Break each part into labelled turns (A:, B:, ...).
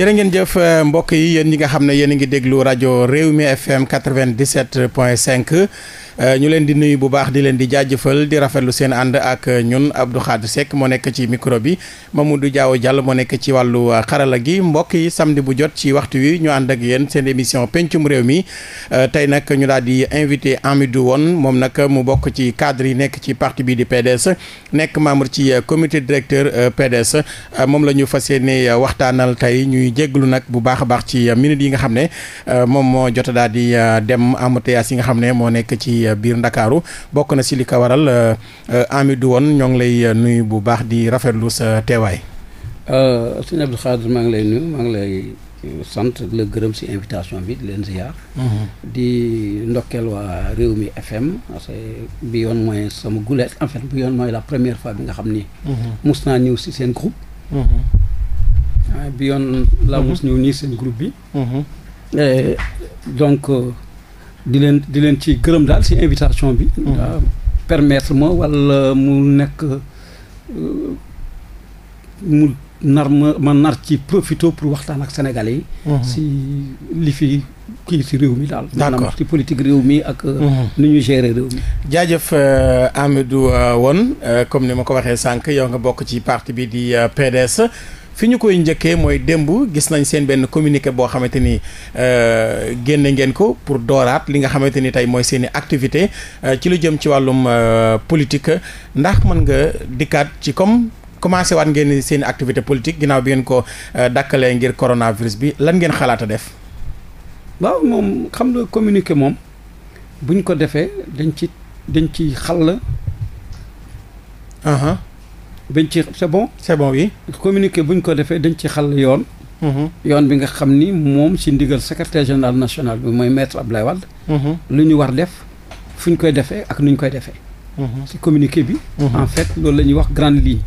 A: jërë ngeen jëf euh, mbokk yi yéen ñi nga xam ne yéen a ngi déglu rajo Réew mi FM 97 point 5 Euh, ñu leen di nuyu bu baax di leen di jaajëfal di rafetlu seen ànd ak euh, ñun Abdou Khadre moo nekk ci micro bi du Diaw jàll moo nekk ci wàllu euh, xarala gi mbokk yi samedi bu jot ci waxtu wi ñu ànd ak yéen seen émission pencum réew mi tey nag ñu daal di invité Hamidou Wane moom nag mu bokk ci cadre yi nekk ci parti bii di PDS nekk membre ci comité directeur PDS moom la ñu fas yéene waxtaanal tey ñuy jégalu nag bu baax a baax ci minutes yi nga xam ne moom moo jot daal di dem embouteillage yi nga xam ne moo nekk ci. ci biir ndakaaru bokk na si li ko waral euh, euh, Amidou woon ñoo ngi lay euh, nuyu bu baax di rafetlu sa teewaay.
B: sëñ Abdou Khadre maa ngi lay nuyu maa ngi lay sant la gërëm si invitation bi di leen ziar. Mhm. di ndokkeel waa réew mi FM parce que bi yoon mooy sama gulet en fait bi yoon mooy la première fois bi nga xam ni. Mhm. mus naa ñëw si seen groupe. Mhm. bi yoon laa mus ñëw nii seen groupe bi. donc. di leen di leen ci gërëm daal si invitation bi. Mm-hmm. permettre ma wala mu nekk euh, mu nar ma ma nar ci profito pour waxtaan ak sénégalais yi. Mm-hmm. si li fi kii si réew mi daal. maanaam ci réew
A: mi ak. Euh, mm-hmm.
B: nu ñu gérer réew mi.
A: jaajëf Hamidou euh, Wane comme ni ma ko waxee sànq yow nga bokk ci parti bi di PDS. fi ñu koy njëkkee mooy démb gis nañ seen benn communiqué boo xamante ni euh, génne ngeen ko pour dooraat li nga xamante ni tey mooy seen i activité euh, ci lu jëm ci wàllum euh, politique ndax mën nga dikkaat ci comme commencé waat ngeen seen activité politique ginnaaw bi ngeen ko dakkalee ngir
B: coronavirus bi lan ngeen xalaat def. waaw moom xam nga communiqué moom buñ ko defee dañ ci dañ ci xàll. Uh-huh. bañ ci c'est bon. c'est bon oui. communiqué buñ ko defee dañ ci xal yoon. Mm-hmm. yoon bi nga xam ni moom ci ndigal secrétaire général national bi mooy maître Abdoulaye Wade. Mm-hmm. lu ñu war def fu ñu koy defee ak nu ñu koy defee. Mm-hmm. ci communiqué bi. en fait loolu la ñuy wax grande ligne.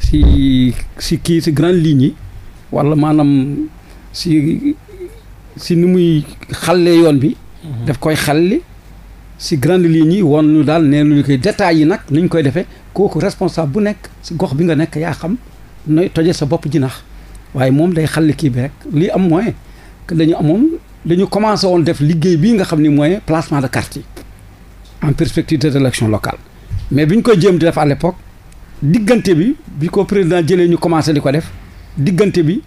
B: si si kii si grande ligne yi wala maanaam si si nu muy xàllee yoon bi. daf koy xalli si grande ligne yi woon ñu daal nee lu koy détails yi nag nu ñu koy defee kooku responsable bu nekk si gox bi nga nekk yaa xam nooy toje sa bopp jinax waaye moom day xalli kii bi rek lii am moyen que dañu amoon dañu commencé woon def liggéey bii nga xam ni mooy placement de carte yi en perspective des élections locales mais bi ñu koy jéem di def à l'époque diggante bi bi ko président jëlee ñu commencé ni ko def diggante bi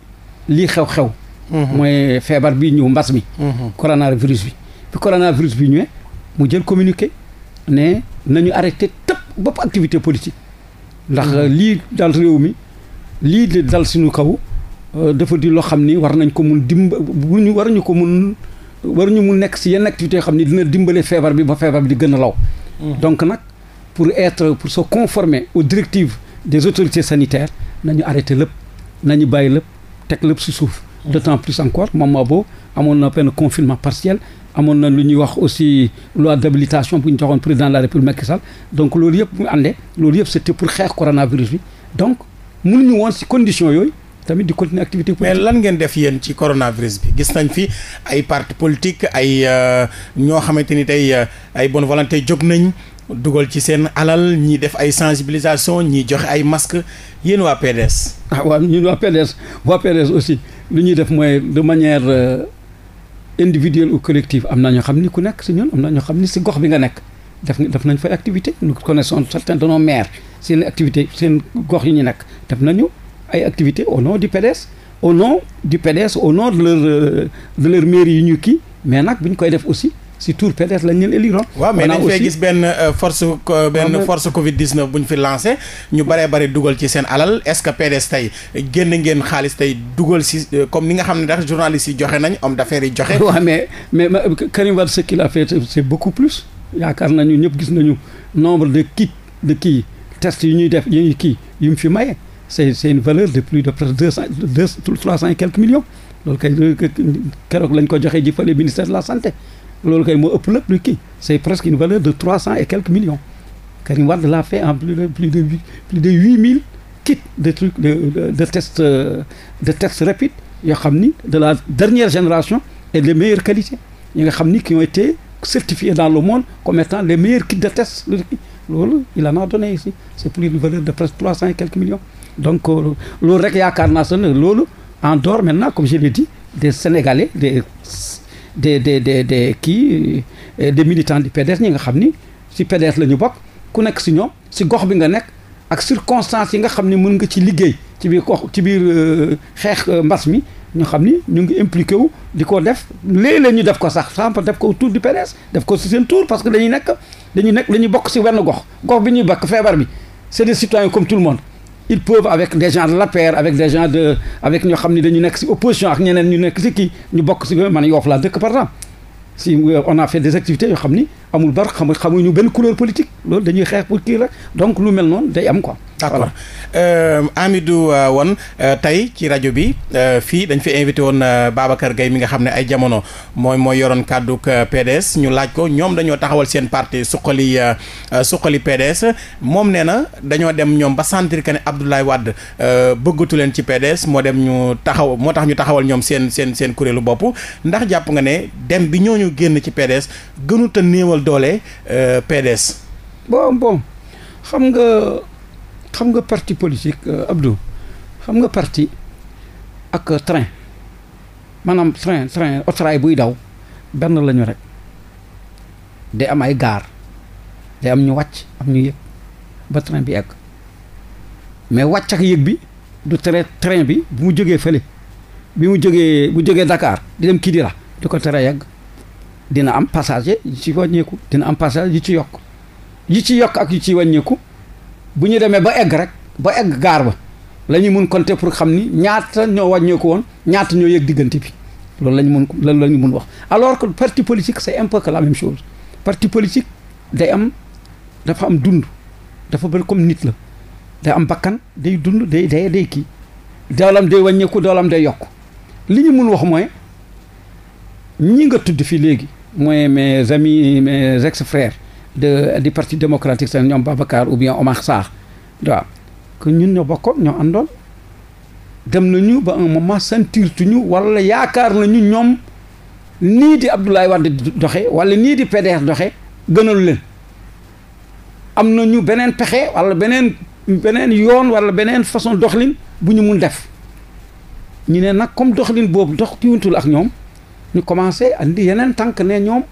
B: lii xew-xew mhm. mooy feebar bi ñëw mbas mi mhm. coronavirus bi bi coronavirus bi ñëwee mu jël communiqué ne nañu arrêté bopp activité politique ndax mm-hmm. lii dal réew mi lii de dal suñu kaw euh, dafa di loo xam ni war nañ ko mun dimb bu ñu war ñu ko mun war ñu mun nekk si yenn activité yoo xam ni dina dimbale feebar bi ba feebar bi di gën a law mm-hmm. donc nag pour être pour se conformer au directive des autorités sanitaires nañu arrêté lépp nañu bàyyi lépp teg lépp si suuf mm-hmm. d'autant plus encore moom maa boo amoon na benn confinement partiel amoon na lu ñuy wax aussi loi d'habilitation bu ñu joxoon président de la république Macky Sall donc loolu yëpp mu ànde loolu yëpp c'était pour xeex coronavirus bi donc ñu woon si condition yooyu tamit di continuer activité politique. mais lan
A: ngeen def yéen ci coronavirus bi gis nañ fi ay parti politique ay euh, ñoo xamante ni tey euh, ay bonne volonté jóg nañ dugal ci seen alal ñi def ay sensibilisation
B: ñi joxe ay masques yéen waa PDS. ah waaw ñun waa PDS waa aussi lu ñuy def mooy de manière. Euh, individuel ou collectif am na ñoo xam ni ku nekk si ñun am na ñoo xam ni si gox bi nga nekk def def nañ fay activité nous connaissons certains de nos maires seen activité seen gox yi ñu nekk def nañu ay activité au nom du PDS au nom di PDS au nom de leur euh, de leur mairie yu ñu kii mais nag bi ñu koy def aussi si tour PDS lañ leen éliroon. Ah. waaw mais dañ fay gis
A: benn euh, force euh, benn force Covid 19 bu ñu fi lancé ñu bare bari dugal ci seen alal est-ce que PDS génn ngeen xaalis tey dugal si euh, comme ni nga xam ne dax journalistes yi joxe nañ homme d'affaires joxe. waaw
B: mais mais Karim Wade ce qu'il a fait c'est beaucoup plus yaakaar nañu ñëpp gis nañu nombre de kits de kii test yu ñuy def yu ñuy kii yu mu fi maye c'est c'est une valeur de plus de presque deux cent deux trois cent et quelques loolu kay keroog lañ ko joxee ji fële ministère de la santé. loolu kay moo ëpp lépp lu kii c' est presque une valeur de trois cent et quelques millions Karim Wade l'a fait en plus de plus de huit mille kits de trucs de euh, de, tests rapides yoo xam ni de la dernière génération et de meilleure qualité ñi nga xam ni qui ont été certifiés dans le monde comme étant les meilleurs kits de tests loolu il en a donné ici c' est plus une valeur de presque trois cent et quelques millions donc euh, loolu rek yaakaar naa sax loolu en dehors maintenant comme je l'ai dit des des des des des des kii euh, des militants du PDS ñi nga xam ni si PDS la ñu bokk ku nekk si ñoom si gox bi nga nekk ak circonstances yi nga xam ni mën nga ci liggéey ci biir gox ci biir euh, xeex euh, mbas mi ñu xam ni ñu ngi impliqué wu di ko def léeg-léeg ñu def ko sax samp def ko autour du PDS def ko si seen tour parce que dañuy nekk dañuy nekk dañuy bokk si wenn gox gox bi ñuy bokk feebar bi c'est des citoyens comme tout le monde ils peuvent avec des gens de la paire avec des gens de avec ñoo xam ne dañu nekk ci opposition ak ñeneen ñu nekk ci kii ñu bokk ci man Yoff laa dëkk par exemple si euh, on a fait des activités yoo xam ni amul bar xamu xamuñu benn couleur politique loolu dañuy xeex pour kii la donc lu mel noonu day am quoi. d'accord euh, Amidou euh, Wane euh, tey ci rajo bi fii dañ fi
A: invité woon Babacar Gueye mi nga xam ne ay jamono mooy mooy yoroon kàdduk PDS ñu laaj ko ñoom dañoo taxawal seen parti suqali suqali PDS moom nee na dañoo dem ñoom ba sentir que ne Abdoulaye Wade bëggatu leen ci PDS moo dem ñu taxaw moo tax ñu taxawal ñoom seen seen seen kuréelu bopp ndax jàpp nga ne dem bi ñooñu génn ci PDS gënuta
B: néewal néewal doole euh, PDS. bon bon xam nga xam nga parti politique euh, Abdou xam nga parti ak train maanaam train train autorail buy daw benn lañu rek day am ay gaar day am ñu wàcc am ñu yëg ba train bi egg mais wàcc ak yëg bi du tere train bi bu mu jógee fële bi mu jógee bu jógee Dakar di dem Kidira du ko tere yegg dina am passager yu ci wàññeeku dina am passager yi ci yokk yi ci yokk ak yu ci wàññeeku bu ñu demee ba egg rek ba egg gaar ba lañuy ñu mun compter pour xam ni ñaata ñoo wàññeeku woon ñaata ñoo yëg diggante bi loolu la ñu mun loolu la ñu mun wax alors que parti politique c'est un peu que la même chose parti politique day am dafa am dund dafa bëri comme nit la day am bakkan day dund day day day kii doolam day wàññeeku doolam day yokk li ñu mun wax mooy ñi nga tudd fii léegi mooy mes amis mes ex-frères de du parti démocratique seen ñoom Babacar ou bien Omar Sarr waaw que ñun ñoo bokkoon ñoo àndoon dem nañu ba un moment sentirtuñu wala yaakaar nañu ñoom nii di Abdoulaye Wade doxe wala nii di PDS doxe gënalu leen am nañu beneen pexe wala beneen beneen yoon wala beneen façon doxlin bu ñu mun def ñu ne nag comme doxlin boobu dox kiwantul ak ñoom ñu commencé andi yeneen tànk ne ñoom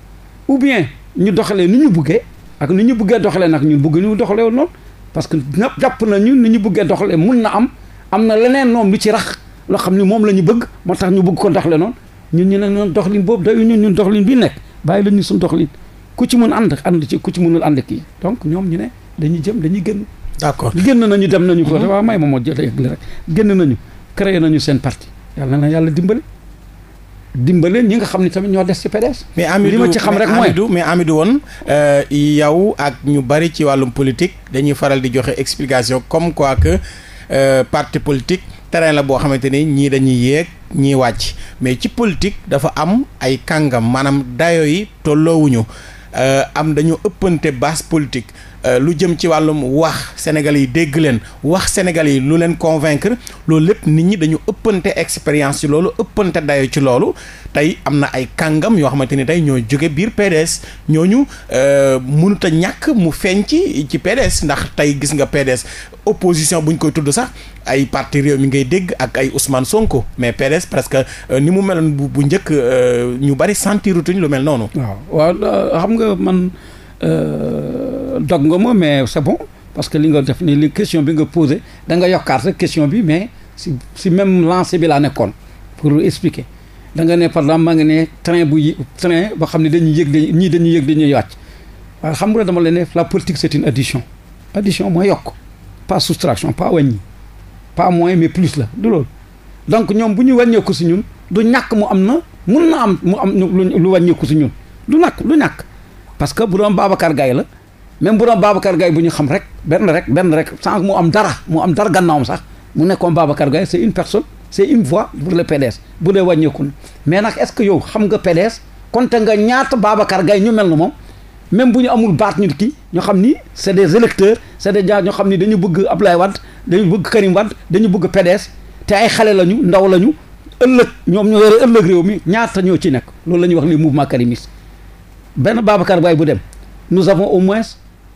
B: ou bien ñu doxalee ni ñu buggee ak ni ñu buggee doxalee nag ñun bugg ñu doxalee noonu parce que ñëpp jàpp nañu ni ñu buggee doxalee mun na am am na leneen noonu lu ci rax loo xam ni moom la ñu bëgg moo tax ñu bugg ko doxalee noon ñun ñu ne noonu doxalin boobu dayu ñun ñun doxalin bii nekk bàyyi la ñu suñu doxalin ku ci mun ànd ànd ci ku ci mënul ànd kii donc ñoom ñu ne dañuy jëm dañuy génn. d'accord génn nañu dem nañu. Mhm. ko waaw may ma moo jëlee rek génn nañu créé nañu seen parti yàlla na yàlla dimbali. dimbale ñi nga xam ne tamit ñoo des ci PDS. mais Amidou li ma ci xam rek mooy mais
A: Amidou woon euh, yow ak ñu bari ci wàllum politique dañuy faral di joxe explication comme quoi que euh, parti politique terrain la boo xamante ni ñii dañuy yéeg ñii wàcc mais ci politique dafa am ay kàngam maanaam dayo yi tolloowuñu euh, am dañu ëppante base politique. Euh, lu jëm ci wàllum wax Sénégal yi dégg leen wax Sénégal yi lu leen convaincre loolu lépp nit ñi dañu ëppante expérience ci loolu ëppante dayo ci loolu tey am na ay kàngam yoo xamante ni tey ñoo jóge biir PDS ñooñu euh, mënut a ñàkk mu feeñ ci ci PDS ndax tey gis nga PDS opposition buñ koy tudd sax ay parti réew mi ngay dégg ak ay Ousmane Sonko mais PDS presque
B: euh, ni mu meloon bu njëkk ñu bari sentirutuñ lu mel noonu. waaw waaw xam nga man. Euh, dog nga ma mais c'est bon parce que li nga def ni li question bi nga posé danga nga yokkaat rek question bi mais si si même lancé bi laa nekkoon pour expliquer da nga ne par exemple maa ngi ne train bu train boo xam ne dañuy yëg dañuy ñii dañuy yëg dañuy wàcc waaye xam nga dama la ne la politique c'est une addition addition mooy yokk pas soustraction pas wàññi pas mooy mais plus la du loolu donc ñoom bu ñu wàññeeku si ñun du ñàkk mu am na mun na am mu am lu wàññeeku si ñun du ñàkk du ñàkk parce que bu doon Babacar Gaye la même bu doon Babacar Gaye bu ñu xam rek benn rek benn rek sans mu am dara mu am dara gannaawam sax mu nekkoon Babacar Gaye c'est une personne c'est une voix pour le PDS bu dee wàññeeku na mais nag est-ce que yow xam nga PDS konte nga ñaata Babacar Gaye ñu mel na moom même bu ñu amul baat ñu kii ñoo xam ni c'est de électeurs c'est des gens ñoo xam ni dañu bëgg Ablaye Wade dañu bëgg Karim Wade dañu bëgg PDS te ay xale lañu ndaw lañu ëllëg ñoom ñoo yore mi ñaata ñoo ci nekk loolu la ñuy wax les mouvements karimistes benn Babacar Baye bu dem nous avons au moins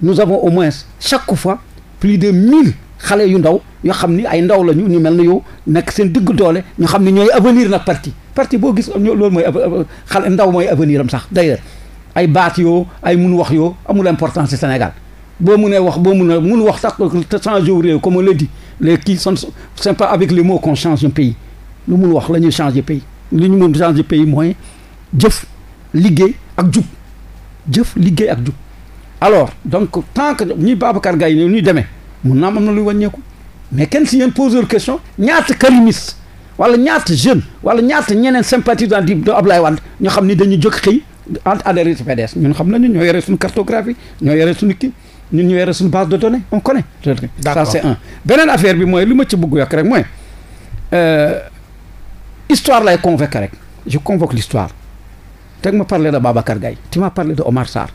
B: nous avons au moins chaque fois plus de mille xale yu ndaw yoo xam ni ay ndaw la ñu ñu mel na yow nekk seen digg doole ñu xam ni ñooy avenir nag parti parti boo gis loolu mooy xale ndaw mooy avenir am sax d'ailleurs ay baat yoo ay mun wax yoo amul importance ci Sénégal boo munee wax boo mun a mun wax sax changer réew comme on le dit les qui sont c'est pas avec les mots qu'on change un pays lu mun wax la ñuy changer pays li ñu mun changer pays mooy jëf liggéey ak jub jëf liggéey ak jub alors donc tant que ñi Babacar Gaye ñoo ñuy demee mun naa am na luy wàññeeku mais kenn si ñeen poseur question ñaata karimiste wala ñaata jeune wala ñaata ñeneen sympathisant di do Ablaye Wade ñoo xam ni dañuy jóg xëy entre adhéré ci PDS ñun xam nañu ñoo yore suñu cartographie ñoo yore suñu kii ñun ñoo yore suñu base de données on connaît. d'accord ça c'est beneen affaire bi mooy li ma ci bëgg yokk rek mooy euh, histoire lay convoquer rek je convoque l'histoire teg ma parler de Babacar Gaye tu m'as parlé de Omar Sarr.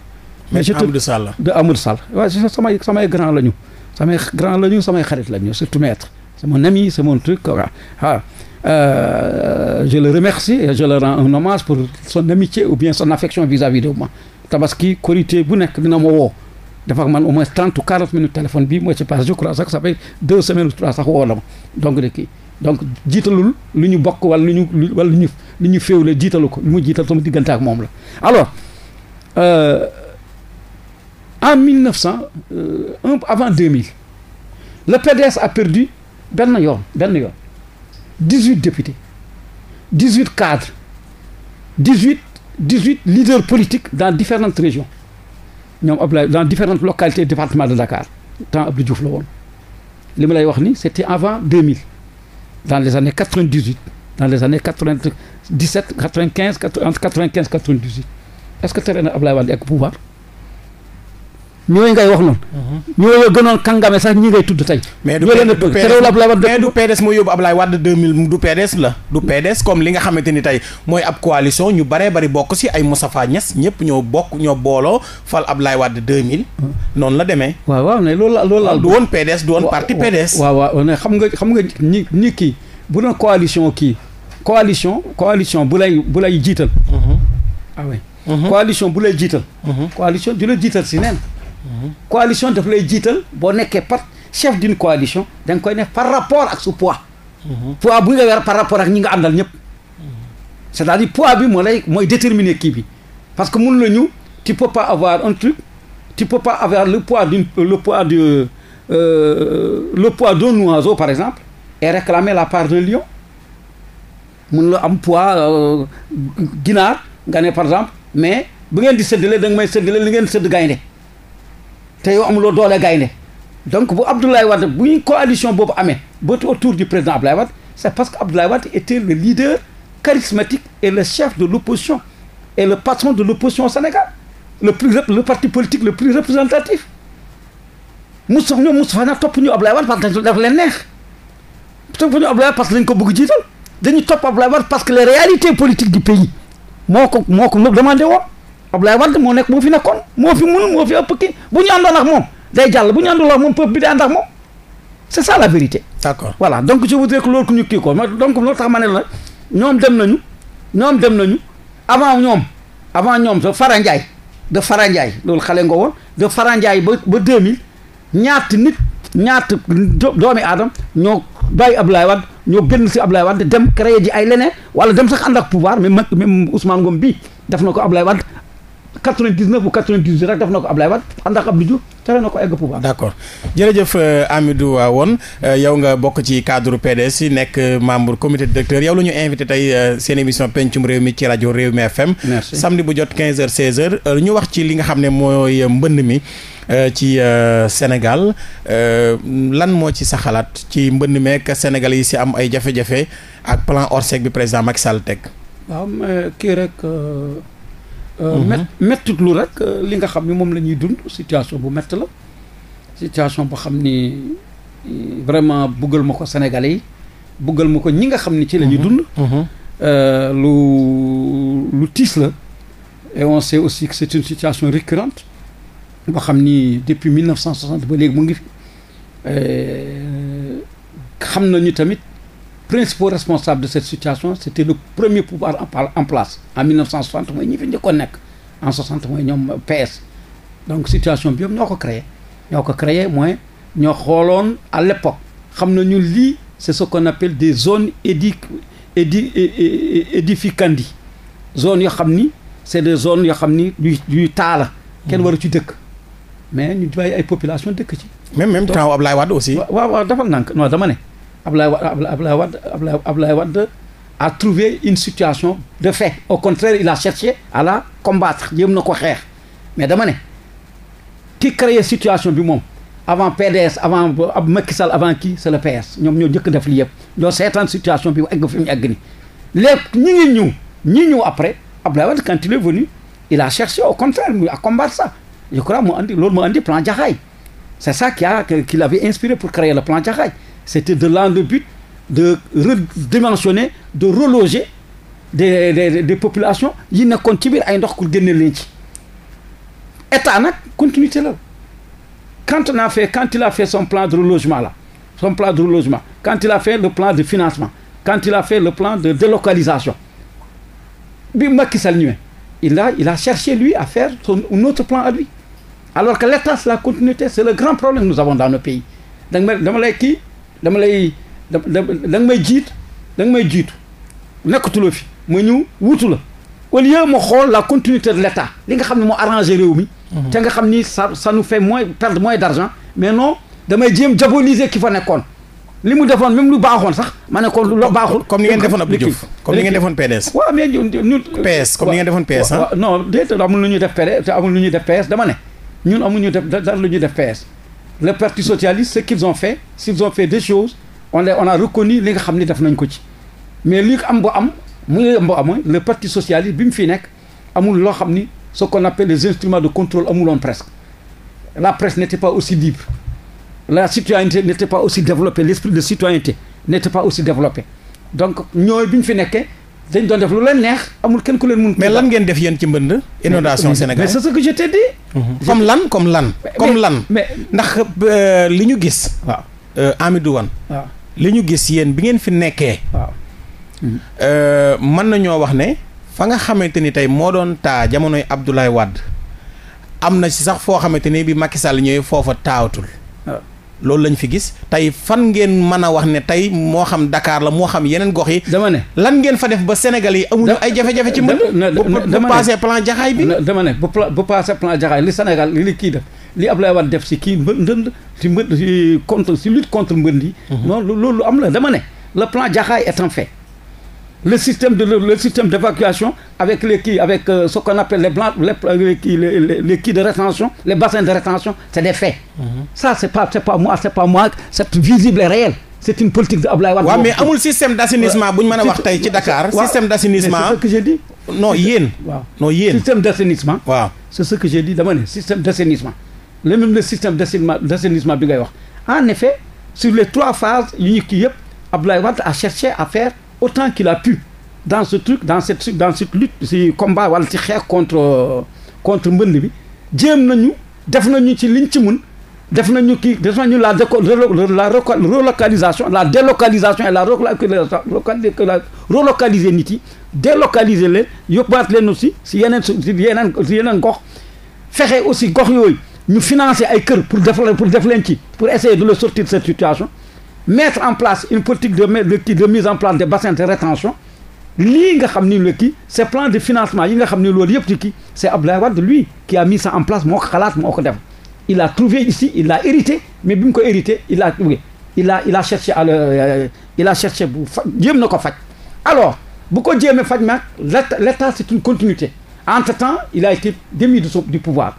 B: mais je Amadou Sall de Amadou Sall waaw samay samay grand la ñu samay grand la ñu samay xarit la ñu surtout maître c'est mon ami c'est mon truc quoi ah, euh, je le remercie et je le rends un hommage pour son amitié ou bien son affection vis-à-vis de moi tabaski korité bu nekk dina ma woo dafa man au moins trente ou quarante minutes téléphone bi moo ci passe je crois sax ça fait deux semaines trois sax woo la ma kii donc jiitalul lu ñu bokk wala lu ñu wala lu ñu lu ñu féewle jiitalu ko mu jiital sama diggante ak moom la alors euh, en 1900 euh, un avant 2000 le PDS a perdu benn yoon benn yoon 18 députés 18 cadres 18 18 leaders politiques dans différentes régions ñoom Abdoulaye dans différentes localités département de Dakar temps Abdou Diouf la woon li ma lay wax ni c'était avant 2000. dans les années 98 dans les années 97 95 entre 95 98 est-ce que tere na Ablaye Wade ak pouvoir ñooy ngay wax noonu. Mhm. ñooñu gënoon kàngame sax ñi ngay tudd tey.
A: mais du PDS moo yóbbu Ablaye Wade du PDS la. du comme li nga xamante ni tey mooy ab coalition ñu baree bari bokk si ay Moustapha Niasse ñëpp ñoo bokk ñoo booloo fal Ablaye Wade 2000.
B: Mhm. noonu la demee. waaw waaw ne loolu du woon PDS du woon parti PDS. xam nga xam nga ñi kii bu doon coalition kii. coalition coalition bu lay bu lay jiital. Mhm. ah bu lay jiital. coalition du la jiital si neen. coalition def lay jiital boo nekkee par chef d'une coalition da koy ne par rapport ak su poids. poids bu nga weer par rapport ak ñi nga àndal ñëpp. c'est-à-dire poids bi moo lay mooy déterminer kii bi parce que mun nañu tu peux pas avoir un truc tu avoir le poids du le poids de euh, le par exemple et réclamer la part d'un lion mun la am poids euh, ginaar nga ne par exemple mais bu ngeen di séddale da nga may séddale li ngeen sédd gaynde te yow amuloo doole gaynde donc bu Abdoulaye Wade bu ñu coalition boobu amee ba autour du président Abdoulaye Wade c'est parce que Abdoulaye Wade était le leader charismatique et le chef de l'opposition et le patron de l'opposition au le plus le parti politique le plus représentatif Moustapha ñoom Moustapha na topp ñu Abdoulaye Wade parce que daf leen neex topp ñu dañu topp Abdoulaye Wade parce que les réalités politiques du pays moo ko moo ko demandé woon Abdoulaye Wade moo nekk moo fi nekkoon moo fi mun moo fi ëpp kii bu moom day jàll bu ñu àndul ak moom peuple bi day ànd ak moom c'est ça la vérité. d'accord voilà donc je voudrais que loolu ku ñu kii ko donc loolu tax ma ne la ñoom dem nañu ñoom dem nañu avant ñoom avant ñoom sa Fara Ndiaye de Fara Ndiaye loolu xale nga woon de Fara Ndiaye ba ba 2000 ñaata nit ñaata doomi aadam ñoo ab Abdoulaye Wade ñoo génn si Abdoulaye Wade dem créer ji ay leneen wala dem sax ànd ak pouvoir mais même Ousmane Ngom bii def na ko Abdoulaye Wade 99 ou 98 rek def na ko Ablaye Wade ànd ak Abdou na ko egg pouvoir. d'accord jërëjëf euh, Amidou
A: Wone euh, yow nga bokk ci cadre PDS yi nekk membre comité directeur yow la ñu invité tey euh, seen émission pencum réew mi ci rajo Réew mi FM. merci samedi bu jot 15h 16h ñu wax ci li nga xam ne mooy mbënd mi. ci uh, Sénégal lan moo ci sa xalaat ci mbënd meek Sénégal yi si am ay jafe-jafe ak plan Orsec bi président Macky Sall teg. Euh, mhm.
B: mettit lu rek euh, li nga xam ni moom la ñuy dund situation bu métti la situation bu xam ni vraiment buggal ma ko Sénégalais yi buggal ma ko ñi nga xam ni ci lañuy mhm. dund mhm. Euh, lu lu tiis la et on sait aussi que c'est une situation récurrente boo xam ni depuis cent 1960 ba léegi mu ngi fi xam nañu tamit principaux responsables de cette situation c'était le premier pouvoir en place en 1960 mooy ñi fi njëkkoon nekk en 60 mooy ñoom donc situation bi yëpp ñoo ko créé ñoo ko créé mooy ñoo xooloon à l'époque xam na ñu lii c'est ce qu'on appelle des zones édi di édificandi zone yoo xam ni c'est des zones yoo xam ni ñuy ñuy taala kenn waru ci dëkk mais ñu bàyyi ay population dëkk ci même même temps Ablaye Wade aussi waaw waaw dafal nank non dama ne Ablaye Ablaye Wade Ablaye Wade a trouvé une situation de fe au contraire il a cherché à la combattre jéem na ko xeex mais dama ne ki créé situation bi moom avant PDS avant ab Macky Sall avant kii c'est le PS ñoom ñoo njëkk def yëpp ñoo seetaan situation bi egg ñëw ñi ñëw après Ablaye Wade quand il venu il a cherché au contraire mu à combattre ça je crois mu andi loolu mu andi plan Jaxaay c'est ça qui a qui l'avait inspiré pour créer le plan Jaxaay c'était de là le but de redimensionner de reloger des des des populations yi nekkoon ci biir ay ndox ku génne leen ci état nag continuité la quand on a fait quand il a fait son plan de relogement là son plan de relogement quand il a fait le plan de financement quand il a fait le plan de délocalisation bi Macky Sall ñëwee il a il a cherché lui à faire son un autre plan à lui alors que l'état c'est la continuité c'est le grand problème que nous avons dans nos pays danga dama dama lay da da nga may jiit da nga may jiitu nekkatuloo fi ma ñëw wutu la au lieu xool la continuité de l'État li nga xam ne moo arrangé réew mi mhm. te nga xam ni sa ça nous fait moins perdre moins d'argent mais non damay jéem diaboliser ki fa nekkoon li mu defoon même lu baaxoon sax ma ne kon lu baaxul comme ni nga defoon Abdou Diouf comme ni ngeen defoon PDS ñuy def PDS amul lu ñuy def dama ne ñun amul ñu def dara lu ñuy def PS le parti socialiste ce qu'ils ont fait s'ils ont fait des choses on les on reconnu li nga xam ni def nañ ko ci mais li am ba am muy am ba am le parti socialiste bi mu fi nekk amul loo xam ni ce qu'on appelle les instruments de contrôle amuloon presque la presse n'était pas aussi libre la citoyenneté n'était pas aussi développée l'esprit de citoyenneté n'était pas aussi développé donc ñooy bi ñu fi nekkee dañ doon def lu leen neex amul kenn ku leen mun. mais lan ngeen def yéen ci mbënd. inondation Sénégal mais c'est ce que je t'ai dit. Mhm. comme
A: lan comme lan. comme lan ndax euh, li ñu gis. waaw euh, Amidou Wane. li ñu gis yéen bi ngeen fi nekkee. waaw. Euh, mën nañoo wax ne. fa nga xamante ni tey moo doon taa jamonoy Abdoulaye Wade am na ci sax foo xamante ni bi Macky Sall ñëwee foofa taawatul. loolu lañ fi gis tey fan ngeen mën a wax ne tey moo xam dakaar la moo xam yeneen gox yi. dama ne lan ngeen fa def ba Sénégal yi amuñu ay jafe-jafe ci mbënd.
B: bu bu passé plan jaxaay bi. dama ne bu bu passé plan jaxaay li Sénégal li kii def li Abdoulaye Wade def si kii mbënd si mbënd si contre si lutte contre mbënd yi. Mhm. non loolu am la dama ne le plan jaxaay est en le système de le système d'évacuation avec les qui avec euh, ce qu'on appelle les blancs les les qui les, les, les qui de rétention les bassins de rétention c'est des faits. Mm -hmm. ça c'est pas c'est pas moi c'est pas moi c'est visible et réel. c'est une politique de Ablaye Wade. waaw mais amul
A: système d'assainissement bu ñu mën a wax ci Dakar. système d'assainissement c'est ce que
B: j'ai dit. non yéen. non yéen système d'assainissement. waaw c'est en effet sur les trois phases yu ñu kii yëpp Ablaye Wade autant qu'il a pu dans ce truc dans cette dans cette lutte si combat wala si xeex contre contre mbënd bi jéem nañu def nañu ci liñ ci mun def nañu kii def nañu la la relocalisation la délocalisation et la relocaliser ni yi délocaliser leen yóbbaat leen aussi si yeneen si yeneen si yeneen gox fexe aussi gox yooyu ñu financer ay kër pour def pour def leen ci pour essayer de le sortir de cette situation mettre en place une politique de, de, de mise en place des bassins de rétention lii nga xam ni la kii ces plans de financement yinga nga xam ni loolu yëpp ci kii c'est Abdoulaye Wade lui qui a mis ça en place moo ko xalaat moo ko def il a trouvé ici il l'a hérité mais bi mu ko hérité il a il a il a cherché à le euh, il a cherché bu fa na ko faj alors bu ko jéemee faj nag l'état c'est une continuité entre temps il a été démis du pouvoir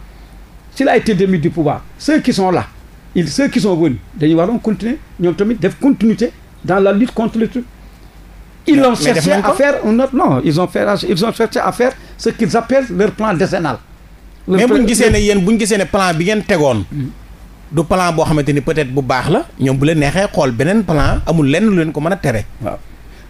B: s'il a été démis du pouvoir ceux qui sont là ils ceux qui sont venus dañuy waroon continuer ñoom tamit def continuité dans la lutte contre le truc
A: ils ont cherché à faire
B: un autre non ils ont fait ils ont cherché à faire ce qu'ils appellent leur plan décennal mais bu ñu gisee ne yéen
A: bu ñu gisee ne plan bi ngeen tegoon mm. du plan boo xamante ni peut-être bu baax la ñoom bu leen
B: neexee xool beneen plan amul lenn lu leen ko mën a tere waaw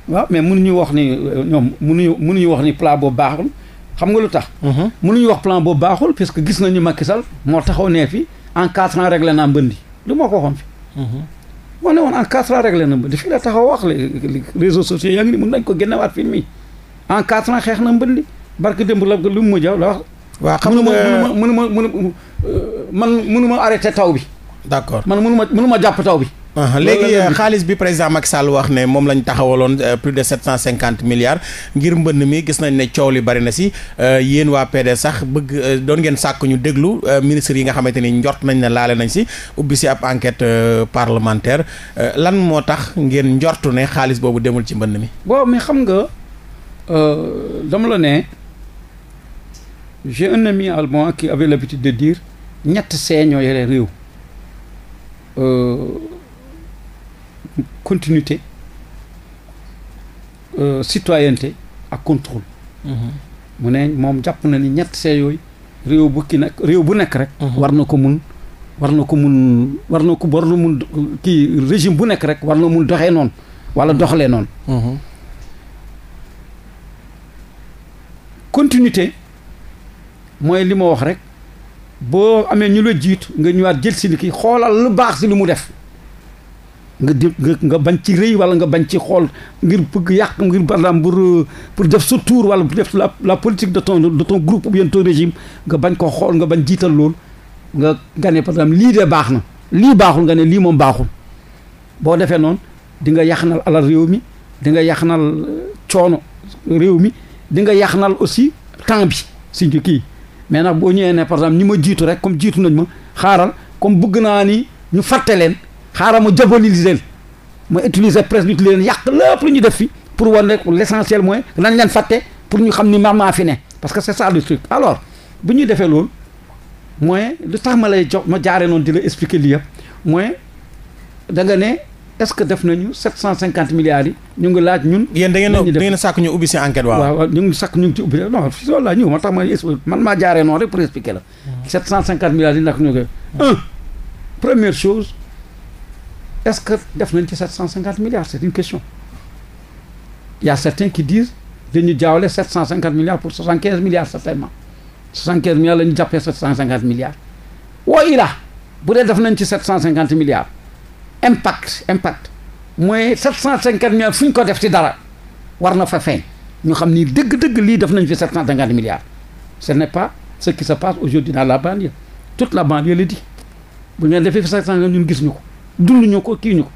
B: waaw mais mënuñu wax ni euh, ñoom mun mënuñu mënuñu wax ni plan boobu baaxul xam nga lu tax mhm. mënuñu wax plan boobu baaxul puisque gis nañu Macky Sall moo taxaw nee en quatre ans réglé naa mbëndi lu moo ko waxoon fi moo mhm. ne woon en quatre ans réglé na mbëndi fii la taxaw wax les réseaux sociaux yaa ngi ni mën nañ ko génnewaat film yi en quatre ans xeex na mbëndi barke démb la lu mu mujjaw la wax waaw xam nga mënuma mënuma mënuma euh, man mënuma arrêté taw bi d'accord man mënuma mënuma jàpp taw bi Uh-huh.
A: léegi euh, xaalis bi président Macky Sall wax ne moom lañ taxawaloon euh, plus de sept cent cinquante milliards ngir mbënn mi gis nañ ne coow li bari na si euh, yéen waa PDS sax bëgg doon ngeen sàkk ñu déglu ministres yi nga xamante ni njort nañ ne laale nañ si ubbi si ab enquête parlementaire lan moo tax ngeen njortu ne xaalis boobu demul ci mbënn mi.
B: waaw mais xam nga dama la ne j'ai un ami allemand qui avait l'habitude de dire ñett see ñoo yore réew. continuité euh, citoyenneté ak contrôle mhm. mu ne moom jàpp na ni ñett see réew bu ki nag réew bu nekk rek mhm. war na ko mun war na ko mun war na ko war na mun kii régime bu nekk rek war na mun doxee noonu wala doxalee noonu mhm. continuité mooy li ma wax rek boo amee ñu la jiitu nga ñëwaat jël si li kii xoolal lu baax si li mu def nga di nga bañ ci rëy wala nga bañ ci xool ngir bëgg yàq ngir par exemple pour euh, pour def sa tour wala pour def la la politique de ton de ton groupe ou bien ton régime nga bañ ko xool nga bañ jiital loolu nga nga ne par exemple lii de baax na lii baaxul nga ne lii moom baaxul boo defee noonu di nga yàqnal alal réew mi di nga yàqnal euh, coono réew mi di nga nal aussi temps bi si kii mais nag boo ñëwee ne par exemple ñi ma jiitu rek comme jiitu nañ ma xaaral comme bëgg naa ni ñu fàtte leen xaaral ma diaboliser ma utiliser presse bi leen yàq lépp lu ñu def fi pour wan rek l' essentiel mooy nañ leen fàtte pour ñu xam ni man maa parce que c' est ça le truc alors bu ñuy defee loolu mooy lu tax ma lay jox ma jaaree noonu di la expliquer lii yëpp mooy da ne est ce que def nañu 750 milliards yi ñu ngi laaj ñun. yéen da da ngeen a sàkk ñu ubbi si enquête waaw. waaw ñu ngi sàkk ñu ngi ci ubbi non si loolu laa ñëw ma tax ma man maa jaaree est-ce que def nañ ci 750 milliards c'est une question il y a certains qui disent dañu jaawale 750 milliards pour 75 milliards certainement 75 milliards la ñu jàppee 750 milliards wa ila bu dee def nañ ci 750 milliards impact impact mooy 750 milliards fu ñu ko def ci dara war na fa feeñ ñu xam ni dëgg-dëgg lii def nañ fi 750 milliards ce n'est pas ce qui se passe aujourd'hui dans la banlieue toute la banlieue le dit bu ngeen defee fi 750 ñun gis ñu ko dunduñu ko kii ñu ko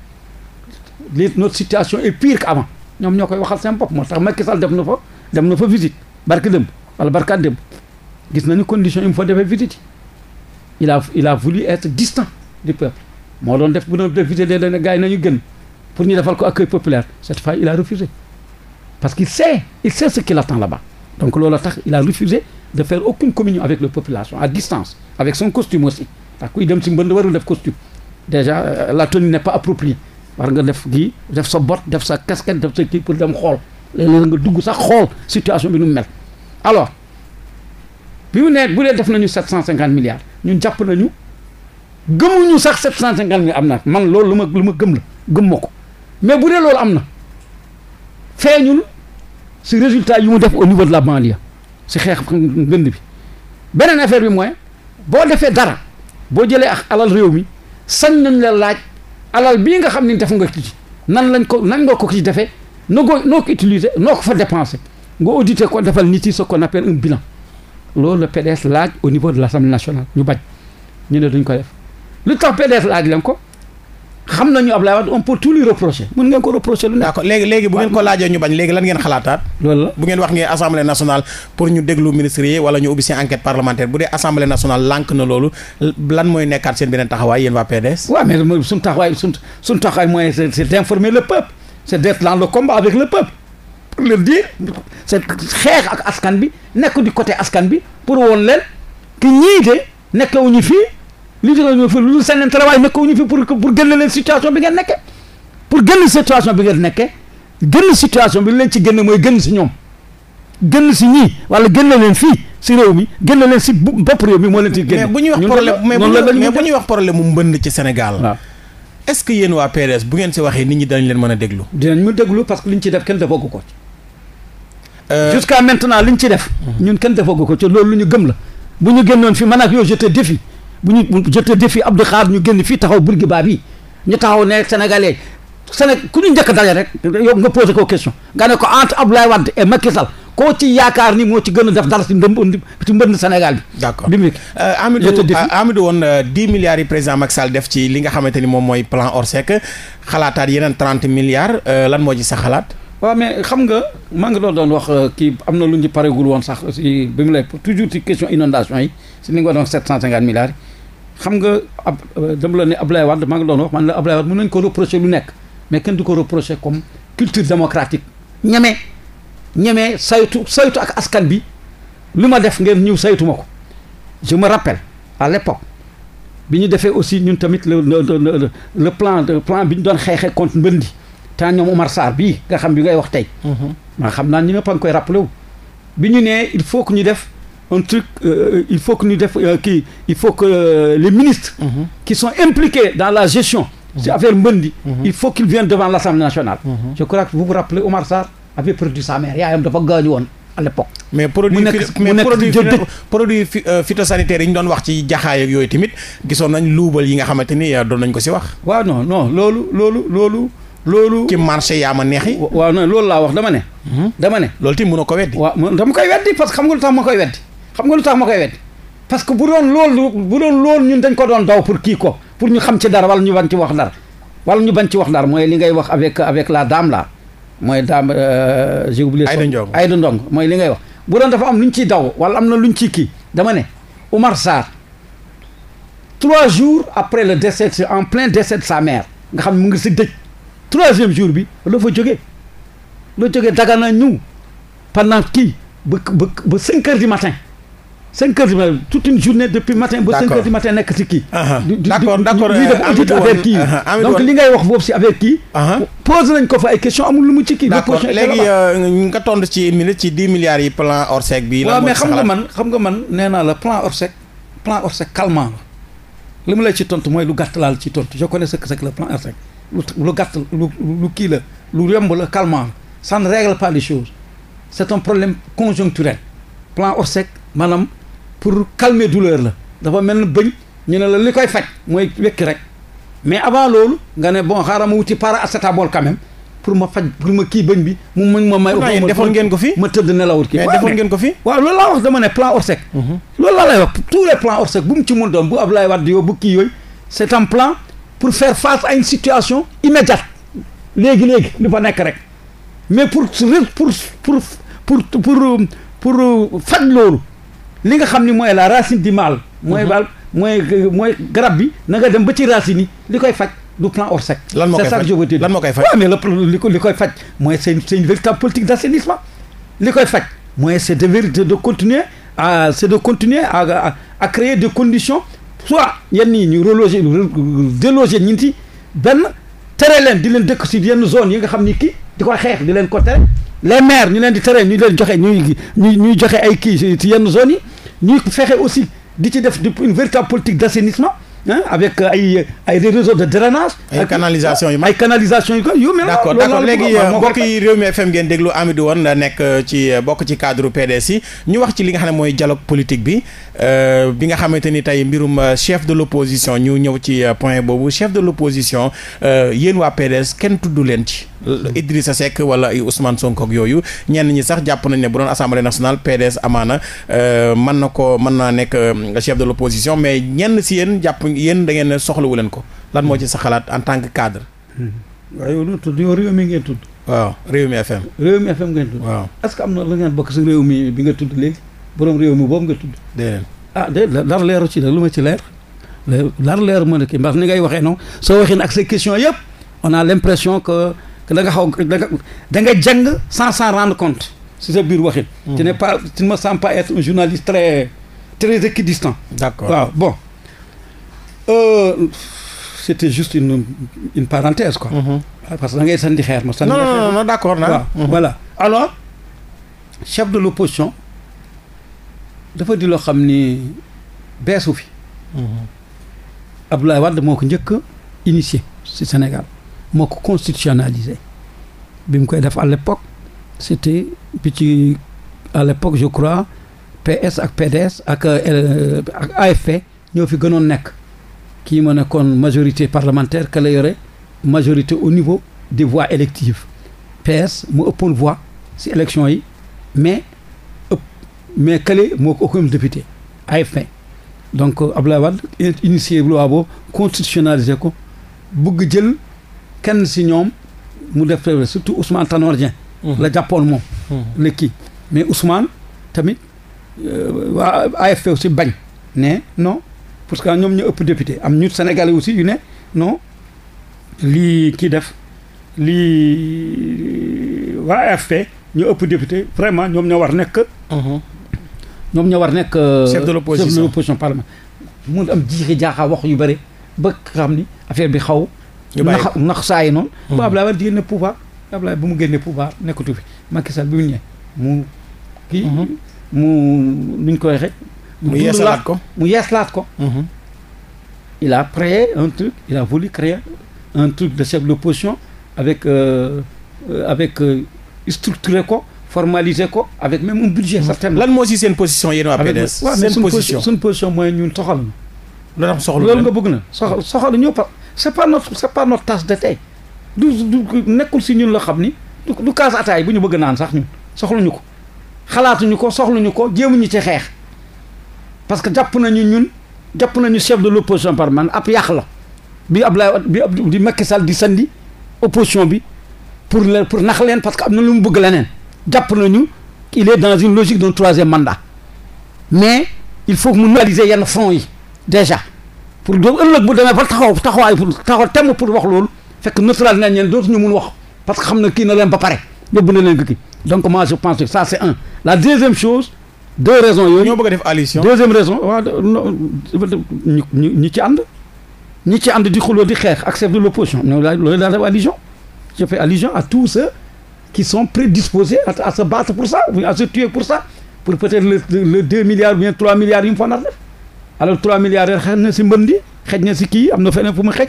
B: li notre situation est pire qu'avant ñoom ñoo koy waxal seen bopp moo tax Macky Sall dem na fa dem na fa visite barke dem wala barkaat dem gis nañu condition yi mu fa defee visite il a il a voulu être distant du peuple moo doon def na doon def visite léeg pour ñu defal ko accueil populaire cette fois il a refusé parce qu'il sait il sait ce qu'il attend là-bas donc loolu tax il a refusé de faire aucune communion avec la population à distance avec son costume aussi ndax kuy dem si mbënd warul def costume déjà euh, la tenue n'est pas appropriée war nga def kii def sa bot def sa casquette def sa kii pour dem xool léeg-léeg nga dugg sax xool situation bi nu mu mel alors bi mu ne bu dee def nañu sept cent cinquante milliards ñu jàpp nañu gëmuñu sax sept cent cinquante milliards am na man loolu lu ma ma gëm la gëm ma ko mais bu dee loolu am na feeñul si résultat yi mu def au niveau de la banlieue si xeex ngënd bi beneen affaire bi mooy boo defee dara boo jëlee ak alal réew mi sañ nañ leen laaj alal bii nga xam ne def nga ci nan lañ ko nan nga ko ci defee noo ko noo ko utiliser noo ko fa dépenser nga auditer ko defal nit yi ce qu'on appelle un bilan loolu la PDS laaj au niveau de l'Assemblée nationale ñu bañ ñu ne duñ ko def lu tax PDS laaj leen ko. xam nañu Ablaye Wade on peut tout reprocher
A: mën ngeen ko reprocher lu ne. léegi léegi bu ngeen ko laajee ñu bañ léegi lan ngeen xalaataat. loolu la bu ngeen wax ngeen assemblée nationale pour ñu déglu ministre yi wala ñu ubbi seen enquête parlementaire bu dee assemblée nationale lànk
B: na loolu lan mooy nekkaat seen beneen taxawaay yéen waa PDS. waaw mais suñu taxawaay suñu suñu taxawaay mooy c'est c'est d'informer le peuple c'est d'être dans le combat pour le dire c'est xeex ak askan bi nekk li ñu doon fii lu seen travail fi pour génne leen situation bi ngeen nekkee pour génn situation bi ngeen nekkee génn situation bi leen ci génne mooy génn si ñoom génn si ñii wala génne leen fii si réew mi génne leen si bopp réew mi moo leen ci génne. mais bu ñuy wax problème mais bu wax
A: problème mu mbënd ci Sénégal. waaw est-ce que yéen waa PDS
B: bu ngeen si waxee nit ñi dañ leen mën a déglu. dinañ mu déglu parce que li ñu ci def kenn defagu ko. Euh, jusqu'à maintenant li ci def. Mhm. ñun kenn ko ci loolu lu ñu gëm la bu ñu génnoon fi man ak yow je te bu ñu je te défie Abdou Khadre ñu génn fii taxaw baa bi ñu taxaw ne sénégalais Séné ku ñu njëkk daje rek yow ko question nga ko entre Abdoulaye Wade et koo ci yaakaar ni moo ci gën a def dara si ndëm ci mbënd Sénégal bi. d' accord bi euh, Amidou
A: euh, Amidou woon euh, dix milliards yi président Macky Sall def ci li nga xamante ni moom mooy plan Orsec
B: xalaataat yeneen trente milliards lan moo ci sa xalaat. waaw mais xam nga maa ngi doon doon wax kii am na lu ñu pareegul woon sax si bi mu lay toujours ci question inondation yi si ni nga doon milliards. xam nga ab euh, dama la ne Ablaye Wade maa ngi doon wax man la Ablaye Wade mën nañu ko reprocher lu nekk mais kenn du ko reprocher comme culture démocratique ñeme ñeme saytu saytu ak askan bi lu ma def ngeen ñëw saytu ko je me rappelle à l'époque bi ñu defee aussi ñun tamit la le le plan le plan bi ñu doon xeexee contre mbëndi temps ñoom Omar Sarr bii nga xam bi ngay wax tey. Mhm. maa xam naa ñu ñëpp a ngi koy rappelé bi ñu nee il faut que ñu def. un truc euh, il faut que def euh, kii il faut que euh, les ministres mm -hmm. qui son impliqués dans la gestion mhm. ci affaire mbëndi mhm. il faut qu'il vienne devant l'Assemblée nationale mhm. je crois que vous vous rappelez Omar Sarr produit sa mère yaayam dafa gaañu woon à l'époque mais produit
A: produit phytosanitaire yi ñu doon wax ci jaxaay ak yooyu tamit gisoon nañ luubal yi nga xamante ni doon nañ ko si wax waaw non
B: non loolu loolu loolu loolu ci marché yaa ma neexi waaw non loolu laa wax dama ne dama ne loolu ko weddi xam nga lu tax ma koy wet parce que bu doon loolu bu doon loolu ñun dañ ko doon daw pour kii ko pour ñu xam ci dara wala ñu bañ ci wax dara wala ñu bañ ci wax dara mooy li ngay wax avec avec la dame là mooy dame euh, j'ai ay Aïda Ndong mooy li ngay wax bu doon dafa am lu ñu ciy daw wala am na lu ñu ciy kii dama ne Oumar Sarr trois jours après le décès en plein décès de sa mère nga xam ne mu ngi si dëj troisième jour bi la fa jógee la jógee Dagana ñëw pendant kii ba ba ba cinq heures cinq heures du matin toute une journée depuis matin nekk ci kii d'accord d'accord ñuy def audit affaire kii donc li ngay wax boobu ci
A: affaire kii pose nañ ko fa ay question amul lu mu ci kii d'accord léegi nga tontu ci une minute ci dix man xam
B: nga man nee naa la plan Orsec plan Orsec calmant la ci tontu mooy lu gatt laal ci tontu je connais lu kii la lu yomb la calmant la ça pas les choses c'est un problème conjoncturel plan Orsec pour calmer douleur la dafa mel ni bëñ ñu ne la li koy faj mooy wekki rek mais avant loolu nga ne bon xaaral ma wuti paracétamol quand même pour ma faj pour ma kii bëñ bi mu mën ma may. waaw defoon ngeen ko fi ma tëdd nelawut kii. waaw defoon ngeen ko fi. waaw loolu laa wax dama ne plan Orsec. Mhm. loolu laa lay wax tous les plans Orsec bu mu ci mën doon bu Abdoulaye Wade yow bu kii yooyu c'est un plan pour faire face à une situation immédiate léegi léegi li fa nekk rek mais pour pour pour pour pour faj loolu. li nga xam ni mooy la racine du mal. mooy mhm. bal mooy mooy garab bi na nga dem ba ci racine yi li koy faj du plan Orsec. lan moo koy faj c'est ça que je veux dire lan moo koy faj waaw mais li ko li koy faj mooy c'est une c'est une véritable politique d'assainissement li koy faj mooy c'est de vérité de continuer à c'est de continuer à à, à créer des conditions soit yenn yi ñu reloger déloger ñun ci benn tere leen di leen dëkk si yenn zone yi nga xam ni kii di ko xeex di leen ko tere les maires ñu leen di tere ñu leen joxe ñuy ñuy joxe ay kii si yenn zones yi. ñuy fexe aussi di ci def une véritable politique d'assainissement avec euh, ay ay réseaux de drainage. ay canalisations yu mag ay canalisations yu mag yu mel. d'accord d'accord léegi
A: FM euh, ngeen déglu Amidou Wane la euh, nekk ci bokk ci cadre PDS yi ñu wax ci li nga xam ne mooy dialogue politique bi bi nga xamante ni tey mbirum chef de l'opposition ñu ñëw ci point boobu chef de l'opposition yéen waa PDS kenn tuddu leen ci. sa Seck wala ay Ousmane Sonko ak yooyu ñenn ñi sax jàpp nañ ne bu doon assemblée nationale PDS amaana mën na ko mën naa nekk chef de l'opposition mais ñenn si yéen yéen da ngeen ne soxlawu leen ko lan moo ci sa xalaat en tant que cadre.
B: Hmm. waaw yow loo tudd yow réew mi ngeen tudd. waaw réew mi FM. réew mi FM ngeen tudd. waaw est-ce que am na lu ngeen bokk si réew mi bi nga tudd léegi borom réew mi boobu nga tudd. déedéet ah déedéet dara leeru ci la lu ma ci leer. dara leer mën a kii mbaa ni ngay waxee noonu soo waxee ak ces questions yëpp on a l'impression que que da nga xaw da nga da nga jàng sans s'en rendre compte si sa biir waxin. Hmm. tu n'es pas tu ne me sens pas être un journaliste très très équidistant. d'accord waaw bon. Euh, c'était juste une une parenthèse quoi. Mm -hmm. parce que da ngay sànni xeer ma. sànni xeer non non non d'accord naa. waaw mm -hmm. voilà alors chef de l'opposition dafa di loo xam ni beesu fi. Mhm. Abdoulaye Wade moo ko njëkk initié ci Sénégal moo ko constitutionnalisé bi mu koy def à l'époque c'était bi ci à l'époque je crois PS ak PDS ak euh, ak AFP ñoo fi gënoon nekk. kii ma ne kon majorité parlementaire ka la yore majorité au niveau des voix électives PS mu ëppoon voix si élection yi mais ëpp mais kale moo ko ëppoon député AFP donc euh, Abdoulaye Wade initié loi ko bëgg jël kenn si ñoom mu def surtout Ousmane Tanor Dieng la jàppoon moom léegi mais Ousmane tamit euh, waa AFP aussi bañ ne non parce que ñoom ñu ëpp député am ñu Sénégalais aussi yu ne non lii kii def lii waa AFP ñoo ëpp député vraiment ñoom ñoo war nekk. Mhm. ñoom ñoo war nekk. Euh, chef de l'opposition chef de l'opposition parlement mun am jiixi jaaxa wax yu bëri ba xam ni affaire bi xaw. nax nax saa yi noonu. Mhm. ba Ablaye war di génne pouvoir Ablaye bu mu génnee pouvoir nekkatu fi Macky Sall bi mu ñëw mu. kii mhm. mu nuñ koy waxee. mu yeesalaat ko mu yeesalaat ko. Mhm. il a créé un truc il a voulu créer un truc de chef de l'opposition avec euh, euh, euh ko formaliser ko avec même un budget mhm. certain. lan moo si seen position yéen waa PDS. seen position suñ position mooy ñun soxal na. loolu soxla loolu nga bëgg na soxal soxal ñëw pa c'est pas notre c'est de tey du du nekkul si ñun la xam ni du du kaas bu ñu bëgg naan sax ñun soxluñu ko xalaatuñu ko soxluñu ko ñu ci xeex. parce que jàpp ñu ñun jàpp nañu chef de l' opposition par man ab yàq la bi Ablaye bi ab di Macky di sandi opposition bi pour leen pour nax leen parce que am na lu mu bëgg leneen jàpp nañu il est dans une logique d'un troisième mandat mais il faut mu mu normaliser yenn front yi déjà pour doo ëllëg bu demee ba taxaw taxawaay pour taxaw temm pour wax loolu fekk neutraliser nañ leen dootuñu mun wax parce que xam na kii na leen ba pare yóbbu na leen ko kii donc moi je pense que c'est un la deuxième chose deux raisons yooyu ñoo bëgg a def allusion deuxième raison waaw ñu ñi ci ànd ñi ci ànd di xuloo di xeex ak chef de l'opposition ñoo laa loolu laa def allusion je fais allusion à tous ceux qui sont prédisposés à, à se battre pour ça à se tuer pour ça pour peut-être le, le deux milliards ou bien trois milliards yu mu fa def alors trois milliards yi xëy na si mbëndi xëy na si kii am na feneen fu mu xëj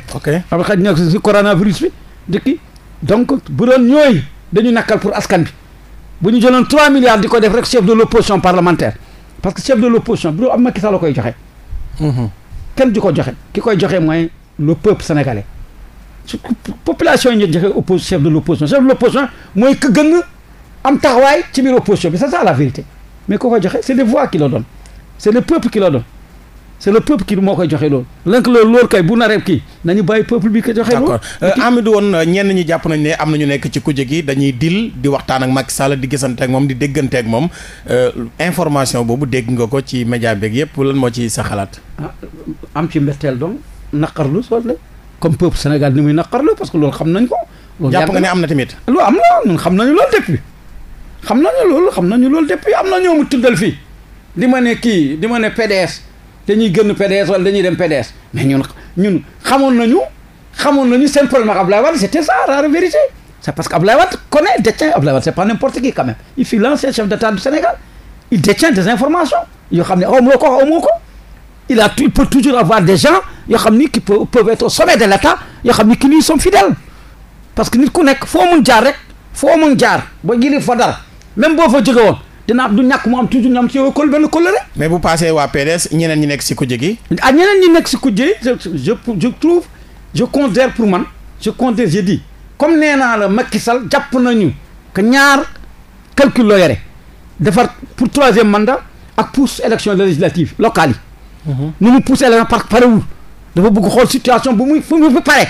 B: am xëj na si coronavirus bi di kii donc bu ñooy dañu nakkal pour askan bi bu ñu jëloon 3 milliards di ko def rek chef de l'opposition parlementaire parce que chef de l'opposition bu doo am Macky Sall la koy joxe. Mhm. kenn di ko joxe ki koy joxe mooy le peuple sénégalais su population yi ñu joxe oppos chef de l'opposition chef de l'opposition mooy ku gën am taxawaay ci biir opposition bi c'est ça la vérité mais ku koy joxe c'est les voix qui la donne c'est le peuple qui la donne. c' est le peuple moo koy joxe loolu lank loolu loolu kay bu naree kii nañu bàyyi peuple bi ko joxe loolu d'accord Hamidou euh, euh,
A: ñenn ñi jàpp nañu ne am na ñu nekk ci kujje gi dañuy dil di waxtaan ak Macky Sall di gisante ak moom di déggante moom euh, information boobu dégg nga ko ci média beeg yëpp lan moo ci sa xalaat
B: ah, am ci mbetteel donc naqarlu sool la comme peuple Sénégal ni muy naqarlu parce que loolu xam nañ ko loolu jàpp nga ne am na tamit loo am na ñun xam nañu loolu depuis xam nañu loolu xam nañu loolu depuis am na ñoomu tuddal fii di ma ne kii di ma ne PDS dañuy gënn PDS wala ñuy dem PDS mais ñun ñun xamoon nañu xamoon nañu seen problème ak Ablaye Wade c' était ça la vérité c' est parce que Ablaye Wade connaît détient Ablaye Wade c' pas n'importe qui quand il fut chef d' état du Sénégal il détient des informations yoo xam ne aw moo ko ko il a il peut toujours avoir des gens yoo xam ni qui peuvent être au sommet de l' état yoo ni qui lui sont fidèles parce que nit ku nekk foo mun jaar rek foo mun jaar ba gili fa dara même boo fa jóge woon dina du ñàkk mu am toujours ñu am ci yow kol benn kóllëre mais bu paasee waa PDS ñeneen ñi nekk si kujje gi. ah ñeneen ñi nekk si kujje je je trouve je considère pour man je considère j'ai dit comme nee naa la Macky Sall jàpp nañu que ñaar calcul la yore defar pour troisième mandat ak pousse élection législative locale yi. Mhm. ni mu pousse élection par parewul dafa bëgg xool situation bu muy fu muy pare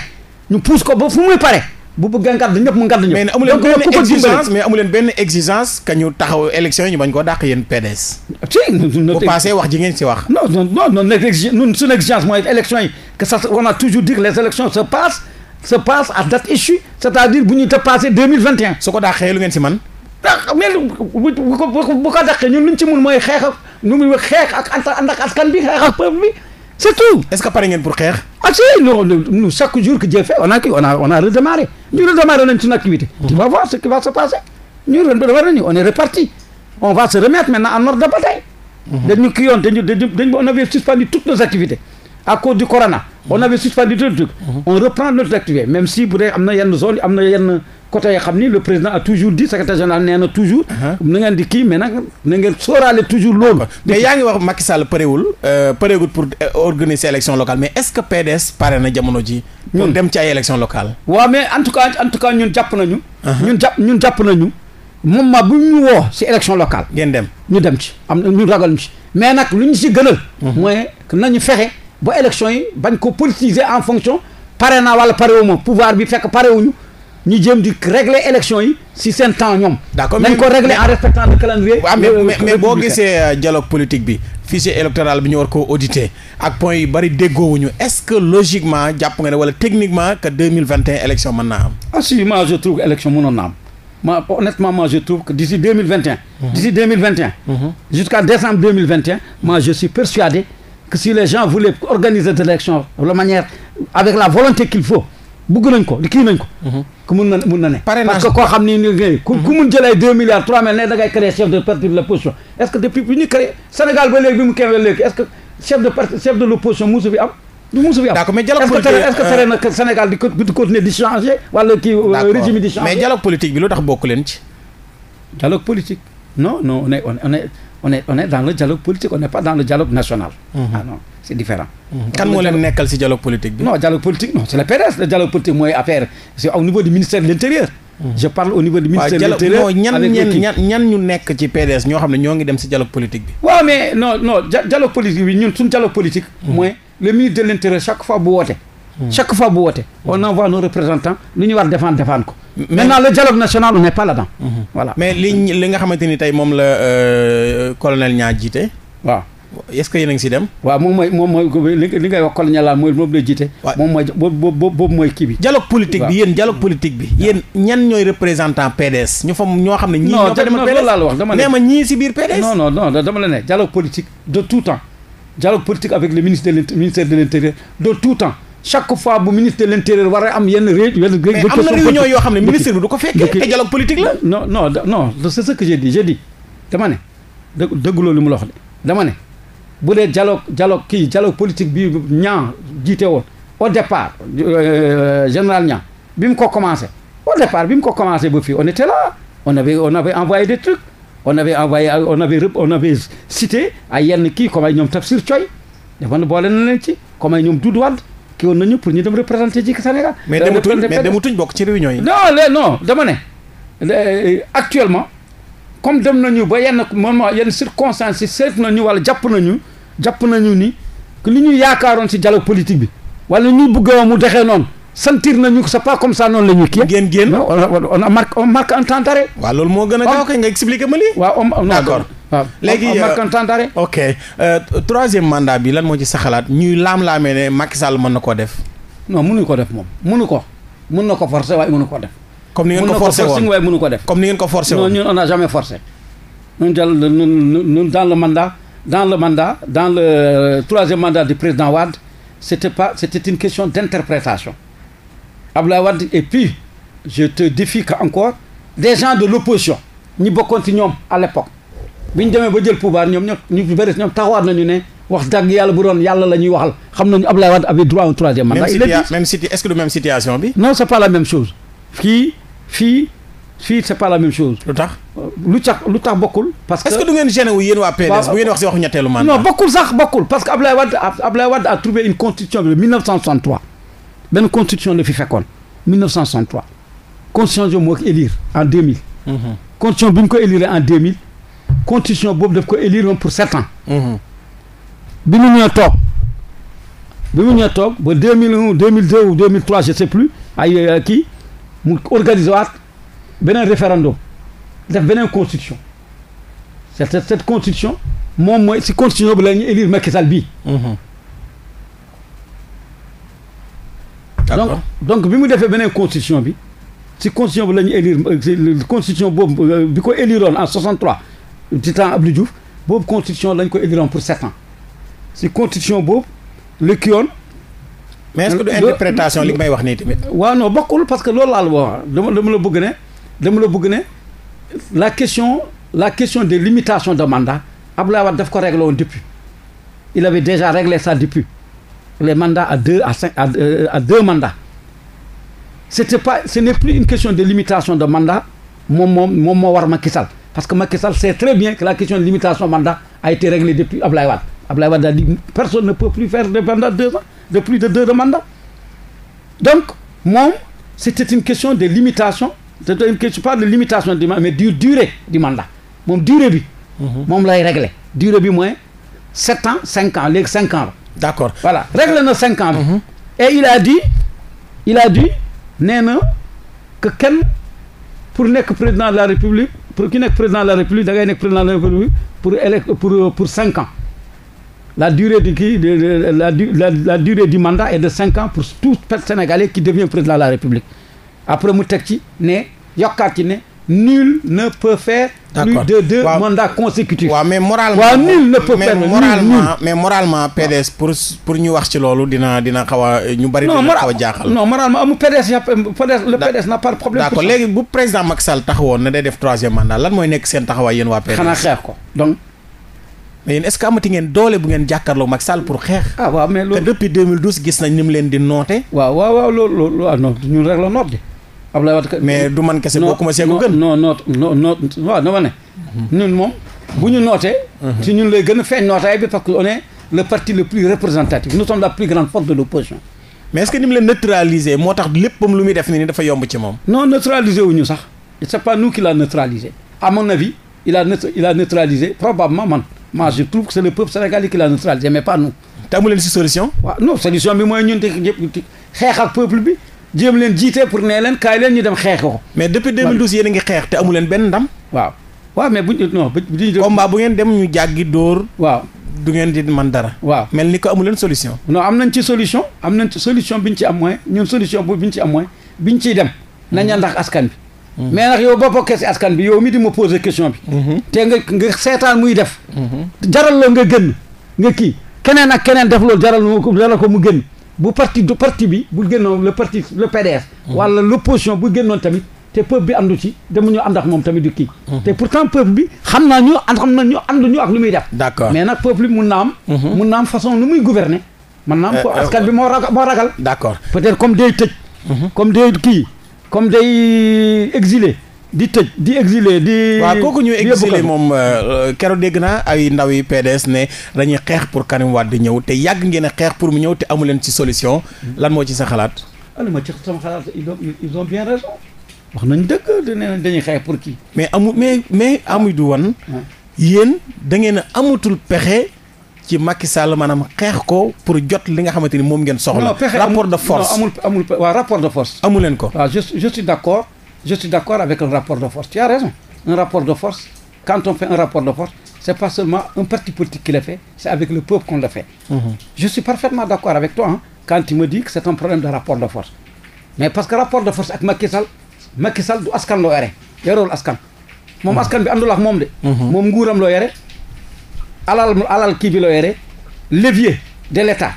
B: ñu pousse ko ba fu muy pare. bu bëggee ngàdd ñëpp mu ngàdd ñu. mais amu leen benn exigence mais
A: amu leen benn exigence que ñu taxaw élection
B: yi ñu bañ koo dàq yéen PDS. ci bu passé wax ji ngeen si wax. non non non non suñu exigence mooy élection yi que ça on a toujours dit que les élections se passent se passent à date issue c'est-à-dire bu ñu te passé deux mille vingt et un. su ko dàqee lu ngeen si man ah mais bu ko bu ko dàqee ñun luñ ci mun mooy xeex ak nu muy xeex ak ànd ak askan bi xeex ak peuple bi. c'est tout. est-ce que pare ngeen pour xeex. ah si nous chaque jour que Dieu fait on a on a on a redémarré ñu activité. tu vas voir ce qui va se passer. ñu redémarré nañu on est reparti on va se remettre maintenant en ordre de bataille. dañ ñu kii yoon dañ ñu dañ suspendu toutes nos activités. à cause du corona on avait suspendu tout le truc mhm. on reprend notre activité même si bu dee am na yenn zone am na yenn côté yoo xam ni le président a toujours dit secrétaire général nee na toujours mhm. na ngeen di kii mais nag na ngeen sóoraale toujours loolu mais yaa ngi wax Macky Sall paréwul euh, paréwul pour euh,
A: organiser élection locale mais est-ce que PDS pare na jamono ji ñun dem ci ay élection locale waaw mais en tout cas
B: en tout cas ñun jàpp nañu mhm. ñun jàpp ñun jàpp nañu moment bu ñu woo si élection ngeen dem ñu dem ci am na ñu ragal ñu ci mais nag lu ñu si gënal mooy nañu fexe ba élection yi bañ ko politiser en fonction pare na wala pare wu ma pouvoir bi fekk pare wu ñu jéem di régler élection yi si seen temps ñoom. d'accord nañ ko régler en respectant le calendrier. waaw mais mais boo gisee
A: euh, dialogue politique bi fichier électoral bi ñu war ko auditer ak point yu bari déggoowuñu est-ce que logiquement jàpp nga ne wala techniquement que deux mille naa am.
B: ah si moi je trouve que élection mënoon na am ma honnêtement moi je trouve que d'ici deux mille vingt mhm. mille vingt un. Mhm. jusqu'à que si les gens voulaient organiser des élections avec la volonté qu'il faut bëgg ko kii nañ ko. ku mhm. mun na mun na ne. parce ni nii ku mhm. ku mun deux milliards trois mille ne dangay créer chef de parti de l'opposition est que depuis bi ñu créé Sénégal ba léegi bi mu kenn léegi est que chef de parti chef de l'opposition musu fi am. du musu fi am d'accord mais dialogue politique euh, di di continuer di changer wala kii euh, régime di changer mais dialogue politique bi lu non non on on est on est dans le dialogue politique on pas dans le dialogue national. Mhm. Ah c'est différent. Mhm. kan moo leen nekkal ci dialogue politique bi. non dialogue politique non c'est le PDS au niveau de mhm. ministère l'intérieur. avec ñan
A: ñu nekk ci PDS
B: ñoo ñoo ngi dem ci dialogue politique bi. waaw mais non dialogue politique bi ñun suñu dialogue politique. mooy le ministre l'intérieur chaque fois bu woote. Hmm. chaque fois bu wootee hmm. on envoie nos représentants lu ñu war défendre défendre ko maintenant le dialogue national on n'est pas là-dedans hmm. voilà
A: mais li li nga xamante ni tey moom la
B: euh, colonel ñaa jiite waaw est-ce que yéen a ngi si dem waaw moom mooy moom mooy li ngay wax colonel ñaa mooy moom lay jiite moom mooy boobu mooy kii bi dialogue politique bi yéen dialogue politique
A: bi yéen ñan ñooy représentant PDS ñu fa ñoo xam ne ñii ñoo fa demal PDS laa la wax dama ne ma ñii
B: si biir PDS non non non dama la ne dialogue politique de tout temps dialogue politique avec le ministre de ministère de l'intérieur de tout temps chaque fois bu ministre de l'intérieur war am yenn ré yenn mais am na réunion yoo xam ne ministre bi du ko fekkee ay dialogue politique la non non non c'est ce que dama ne dë mu la de dama ne bu dee dialogue kii dialogue politique bi ñaa jiite woon au départ euh, général ñaa bi mu ko commencé au départ bi mu ko commencé ba fii on était là on avait on avait envoyé des trucs on avait envoyé on ay yenn kii comme ay ñoom Tafsir Coy dafa boole na leen kii nañu pour ñu dem représenter ji Sénégal. mais demutuñ mais demutuñ bokk ci réunion yi. non non non dama ne euh, actuellement comme dem nañu ba yenn moment yenn circonstances yi seet nañu wala jàpp nañu jàpp nañu ni que li ñu yaakaaroon si dialogue politique bi wala ñu bëggoon mu dexee noonu. sentir nañu ko c'est pas comme ça noonu la ñuy kii. génn génn on a marqué on marque un temps d'arrêt. waaw loolu moo gën a. waaw ah. kay nga expliqué ma lii. waaw d'accord waaw
A: léegi ma euh, kontaanare ok euh, troisième mandat bi lan moo ci sa xalaat ñuy laam-laamee ne Macky Sall mën na koo def
B: non mënuñu ko def moom mënu ko mën na ko forcer waaye na koo def comme ni ngeen ko forcé woon waaye mënu ko def comme ni ngeen ko forcé woon non ñun on n'a jamais forcé ñun jël ñun dans le mandat dans le mandat dans le euh, troisième mandat du président Wade c'était pas c'était une question d'interprétation Abdoulaye Wade et puis je te défie que encore des gens de l'opposition ñi bokkoon ci ñoom à l'époque bi ñu demee ba jël pouvoir ñoom ñoo ñu bëri nañu ne wax dëgg yàlla bu doon yàlla la waxal xam nañu Abdoulaye Wade avait droit au troisième mandat. il est même si est-ce que du même situation bi. non c'est pas la même chose fii fii fii c'est pas la même lu tax lu tax lu tax bokkul. parce que est-ce que du ngeen gêné wu yéen waa PDS bu wax si waxu ñetteelu mandat. non bokkul sax bokkul parce que Abdoulaye Wade Abdoulaye Wade a trouvé une constitution de 1963 benn constitution la fi fekkoon 1963 constitution bi moo mhm. ko élire en 2000. constitution boobu def ko élire woon pour sept ans. Mhm. bi mu ñëwee toog bi mu ñëwee toog ba deux mille un deux mille deux ou deux mille trois plus ay euh, kii mu organiser waat beneen référendum def beneen constitution c'est cette constitution moom mooy si constitution bu la ñuy élire Macky Sall bii. Mhm. donc donc bi mu defee beneen constitution bi si constitution bi la ñuy élire constitution boobu euh, bi ko éliroon en 63. ci temps Abdou Diouf boobu constitution lañ ko éliroon pour sept ans si constitution boobu li yoon mais est-ce du interprétation li may wax nii tamit. waaw non bokkul parce que loolu laa la wax dama dama la bëgg ne dama la bëgg ne la question la question des limitation de mandat Abdoulaye Wade daf ko réglé woon depuis il avait déjà réglé ça depuis les mandats a deux à cinq à, euh, à deux mandats c'était pas ce n'est plus une question de limitation de mandat moom moom moom moo war Macky Sall parce que Macky Sall sait très bien que la question de limitation mandat a été réglée depuis Ablaye Wade Ablaye Wade a dit personne ne peut plus faire de mandat deux ans de plus de deux de mandat donc moom c'était une question de limitation c'était une question pas de limitation du mandat mais du durée du mandat moom durée bi mhm. moom lay réglé durée bi mooy sept ans cinq ans léegi cinq ans la d'accord voilà réglé na cinq ans bi mhm. et il a dit il a dit nee na que kenn pour nekk président de la République pour ki nekk président la république da ngay nekk président la république pour élec pour euh, pour cinq ans la durée du kii la la la durée du mandat est de cinq ans pour tout Sénégalais qui devient président de la république après mu teg ci ne yokkaat ci ne. nu ne peut faire plus de waaw. mandats
A: consécutifs waaw mais moralement waaw nul ne peut pour pour ñu wax ci loolu dina dina xaw a ñu bari dina xaw a jaaxal non
B: moralement amul PDS le PDS n'a pas de problème d'accord léegi bu
A: président Macky Sall taxawoon na day def troisième mandat lan mooy nekk seen taxawaay yéen waa PDS xanaa xeex ko donc mais yéen est ngeen doole bu ngeen jàkkaarloo mag Sall pour xeex ah waaw mais loolu
B: te depuis gis nañ ni leen di noote waaw waaw waaw loolu loolu rek la noot Abdoulaye Wade mais du man kese bokkuma see ko gën non non non non waaw dama ne ñun moom bu ñu nootee mhm. ci ñun lay gën a feeñ nootaay bi parce que on est le parti le plus représentatif nous sommes la plus grande force de l'opposition mais est-ce que ni mu leen neutraliser moo tax léppam lu muy def ni dafa yomb ci moom non neutraliser wuñu sax c'est pas nous qui l'a neutralisé à mon avis il a il a neutralisé probablement man moi je trouve que c'est le peuple sénégalais qui l'a neutralisé mais pas nous te amu leen si solution waaw non solution bi mooy ñun te yëpp xeex ak peuple bi jéem leen jiite pour nee leen kaay leen ñu dem xeex ko. mais depuis 2012 yéen a ngi xeex te amu leen benn ndam. waaw waaw mais buñ non buñ. combat bu ngeen dem ñu jàggi dóor. waaw du ngeen di man dara. waaw mel ni ko amu leen solution. non am nañ ci solution am nañ ci solution biñ ci am mooy ñun solution bu biñ ci am mooy biñ ciy dem. nañ la ndax askan bi. Mm-hmm. mais nag yow boppoo kese askan bi yow mi di ma poser question bi. Mm-hmm. te nga nga seetaan muy def. Mm-hmm. jaral la nga gën nga kii keneen ak keneen def loolu jaral ko jaral ko mu gën. bu parti du parti bi bu génnoon le parti le PDS. Mmh. wala l' opposition bu génnoon tamit te peuple bi àndu ci dama ñu ànd ak moom tamit du kii. Mmh. te pourtant peuple bi naa ñu ànd na ñu ànd ñu ak lu muy def. d' accord mais nag peuple mu mun naa am. Mmh. mun naa am façon lu muy guverne man naa am ko euh, euh, askan bi moo ragal moo ragal. d' accord peut être comme day tëj. comme day kii comme day exilé. di tëj di exilé di. waaw kooku ñu exilé moom
A: euh, keroog dégg naa ay ndaw yi PDS ne dañuy xeex pour Karim Wade ñëw te yàgg ngeen a xeex pour mu ñëw te amu leen ci solution. lan moo ci sa xalaat.
B: lan moo ci sama xalaat ils ont ils ont bien raison. wax nañ dëgg dañuy dañuy xeex pour kii. mais amu mais mais amuñu du
A: woon. yéen da ngeen a amatul pexe. ci Macky Sall maanaam xeex ko pour jot li nga xamante ni moom ngeen soxla. rapport de force non
B: amul amul rapport de force. amu leen ko waaw je je suis d'accord. je suis d'accord avec le rapport de force tu as raison un rapport de force quand on fait un rapport de force c'est pas seulement un parti politique qui c'est avec le peuple qu'on le fait mmh. je parfaitement d'accord avec toi hein, quand tu c'est un problème de rapport de force mais parce que rapport de force ak Macky Sall du askan loo yore yorewul askan moom mhm. askan bi àndul ak moom de mhm. moom nguuram loo yore alal alal kii loo yore levier de l'État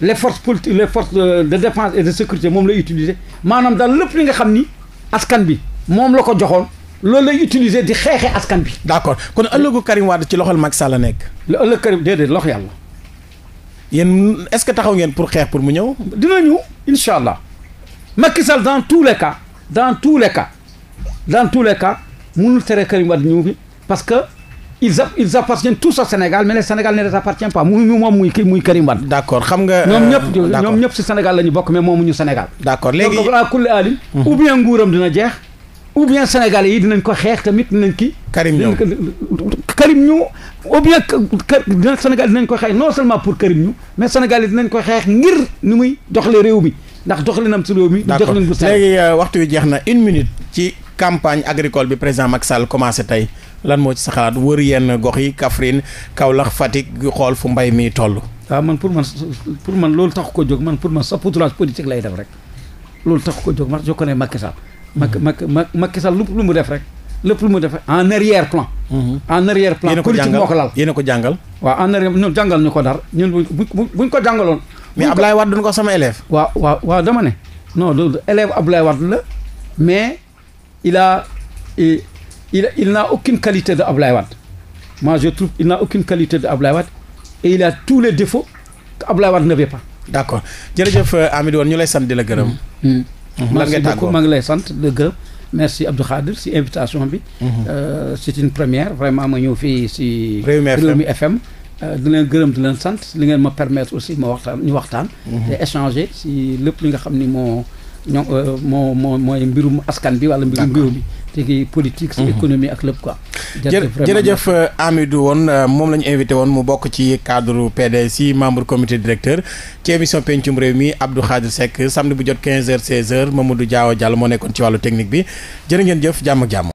B: les forces politiques les forces euh, de défense et de sécurité moom lay utiliser maanaam daal lépp li nga xam ni askan bi moom la ko joxoon loolu lay utiliser di xeexee askan bi.
A: d'accord kon ëllëgu Karim Wade ci loxol Macky Sall nekk. lu ëllëg Karim déedéet loxo yàlla.
B: yéen est-ce que taxaw ngeen pour xeex pour mu ñëw. dina ñëw incha allah Macky Sall dans tous les cas dans tout les cas dans tout les cas mënul tere Karim Wade ñëw fi parce que. ils ils appartiennent tous au Sénégal mais Sénégal ne les appartient pas muy moom muy muy Karim Wade. d'accord xam nga. ñoom euh, ñëpp ñoom ñëpp ci Sénégal la ñu bokk mais moomuñu Sénégal. d'accord léegi donc à kulli mhm. ou bien nguuram dina jeex. ou bien dinañ ko xeex tamit dinañ kii. Karim ñëw Karim ñu ou bien dina Sénégal dinañ ko xeex non seulement pour Karim ñu mais Sénégalais nañ ko xeex ngir ni muy doxalee réew mi ndax doxalinam si réew mi. d'accord léegi
A: euh, waxtu wi jeex na une minute. ci campagne agricole bi président Macky Sall commencé tey. lan moo ci sa xalaat wër yenn gox yi kaw lax Fatick xool fu mbay mii toll.
B: waaw ah, man pour man pour man loolu tax ko jóg man pour man saupoudrage politique lay def rek loolu tax ko jóg ma je connais Macky Sall. Macky mhm. Macky Macky Sall lu mu def rek. lépp lu mu def en arrière plan. Mhm. en arrière plan politique moo ko lal yéen a ko jàngal. waaw en arrière ñun jàngal ñu ko dara ñun bu buñ ko jàngaloon. mais Ablaye Wade duñ ko sama élève. waaw waaw waaw dama ne. non loolu élève Ablaye Wade la mais il il, il n'a aucune qualité de Ablaye Wade. Moi, je trouve qu'il n'a aucune qualité de Ablaye il a tous les défauts que Ablaye pas. d'accord jërëjëf Hamidou euh, Wane ñu lay sant di la gërëm. Mm. Mm. Mm-hmm. lan nga tàggoo maa ngi la gërëm. merci Abdou Khadir si invitation bi. Mm-hmm. Euh, c'est une première vraiment ma ñëw fii si. Rewmi FM euh, di gërëm di leen sant li ngeen ma permettre aussi ma waxtaan ñu waxtaan. Mm-hmm. te échanger si lépp li nga xam ni moo. ñoom euh, moo moo mooy mbirum askan bi wala mbirum réew mi tegi politique ci mhm. économie ak lépp quoi jërëjëf
A: Hamidou euh, woon euh, moom lañu ñu invité woon mu bokk ci cadre PDS yi membre comité directeur ci émission pencum réew mi Abdou Khadre Seck samedi bu jot 15 heures 16 moom Mamadou Diaw Diallo moo nekkoon ci wàllu technique bi jërë ngeen jëf jàmm jàmm